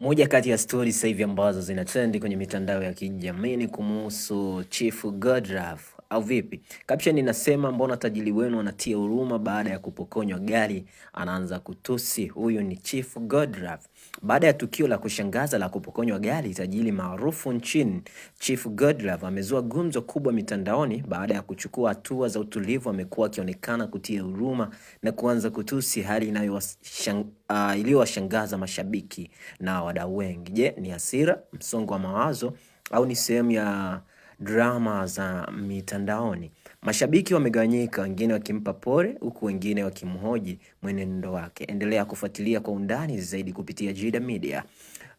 Moja kati ya stori sasa hivi ambazo zina trend kwenye mitandao ya kijamii ni kumuhusu Chief Godlove au vipi? Caption inasema mbona tajiri wenu anatia huruma, baada ya kupokonywa gari anaanza kutusi. Huyu ni Chief Godlove. Baada ya tukio la kushangaza la kupokonywa gari tajiri maarufu nchini, Chief Godlove amezua gumzo kubwa mitandaoni baada ya kuchukua hatua za utulivu. Amekuwa akionekana kutia huruma na kuanza kutusi, hali ah, iliyowashangaza uh, mashabiki na wadau wengi. Je, ni hasira, msongo wa mawazo au ni sehemu ya drama za mitandaoni. Mashabiki wamegawanyika, wengine wakimpa pole, huku wengine wakimhoji mwenendo wake. Endelea kufuatilia kwa undani zaidi kupitia Jida Media.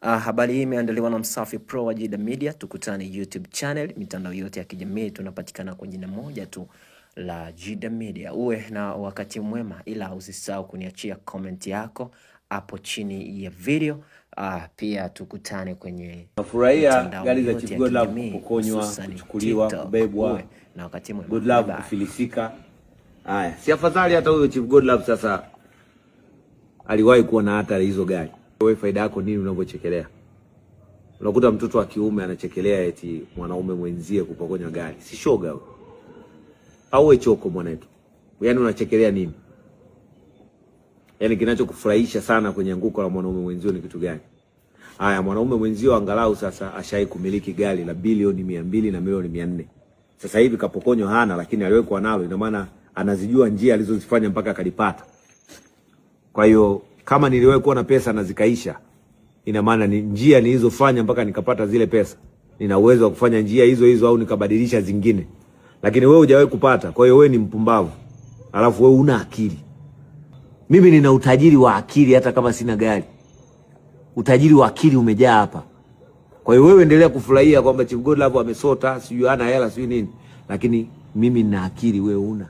Uh, habari hii imeandaliwa na Msafi Pro wa Jida Media. Tukutane YouTube channel, mitandao yote ya kijamii tunapatikana kwa jina moja tu la Jida Media. Uwe na wakati mwema, ila usisahau kuniachia comment yako hapo chini ya video. Uh, pia tukutane kwenye nafurahia gari za Chief Love kupokonywa, kuchukuliwa, kubebwa na wakati mwema Love kufilisika. Haya, si afadhali hata huyo Chief Love sasa aliwahi kuwa na hata hizo gari. Wewe faida yako nini unavyochekelea? Unakuta mtoto wa kiume anachekelea eti mwanaume mwenzie kupokonywa gari, si shoga au choko mwanetu? Yaani unachekelea nini? Yaani kinachokufurahisha sana kwenye anguko la mwanaume mwenzio ni kitu gani? Haya, mwanaume mwenzio angalau sasa ashai kumiliki gari la bilioni mia mbili na milioni mia nne. Sasa hivi kapokonyo hana, lakini aliyokuwa nalo, ina maana anazijua njia alizozifanya mpaka akalipata. Kwa hiyo kama niliwahi kuwa na pesa na zikaisha, ina maana ni njia nilizofanya mpaka nikapata zile pesa, nina uwezo wa kufanya njia hizo hizo au nikabadilisha zingine, lakini wewe hujawahi kupata. Kwa hiyo wewe ni mpumbavu, alafu wewe una akili. Mimi nina utajiri wa akili, hata kama sina gari, utajiri wa akili umejaa hapa. Kwa hiyo wewe endelea kufurahia kwamba Chief Godlove amesota, sijui ana hela, sijui nini, lakini mimi nina akili, wewe una